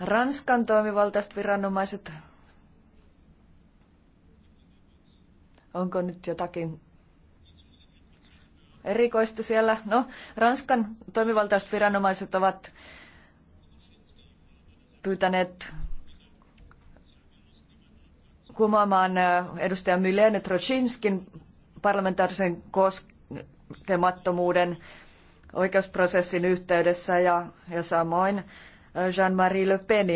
Ranskan toimivaltaiset viranomaiset. Onko nyt jotakin erikoista siellä? No, Ranskan toimivaltaiset viranomaiset ovat pyytäneet kumoamaan edustaja Mylene Trochinskin parlamentaarisen koskemattomuuden oikeusprosessin yhteydessä ja, ja samoin Jean-Marie Le Penin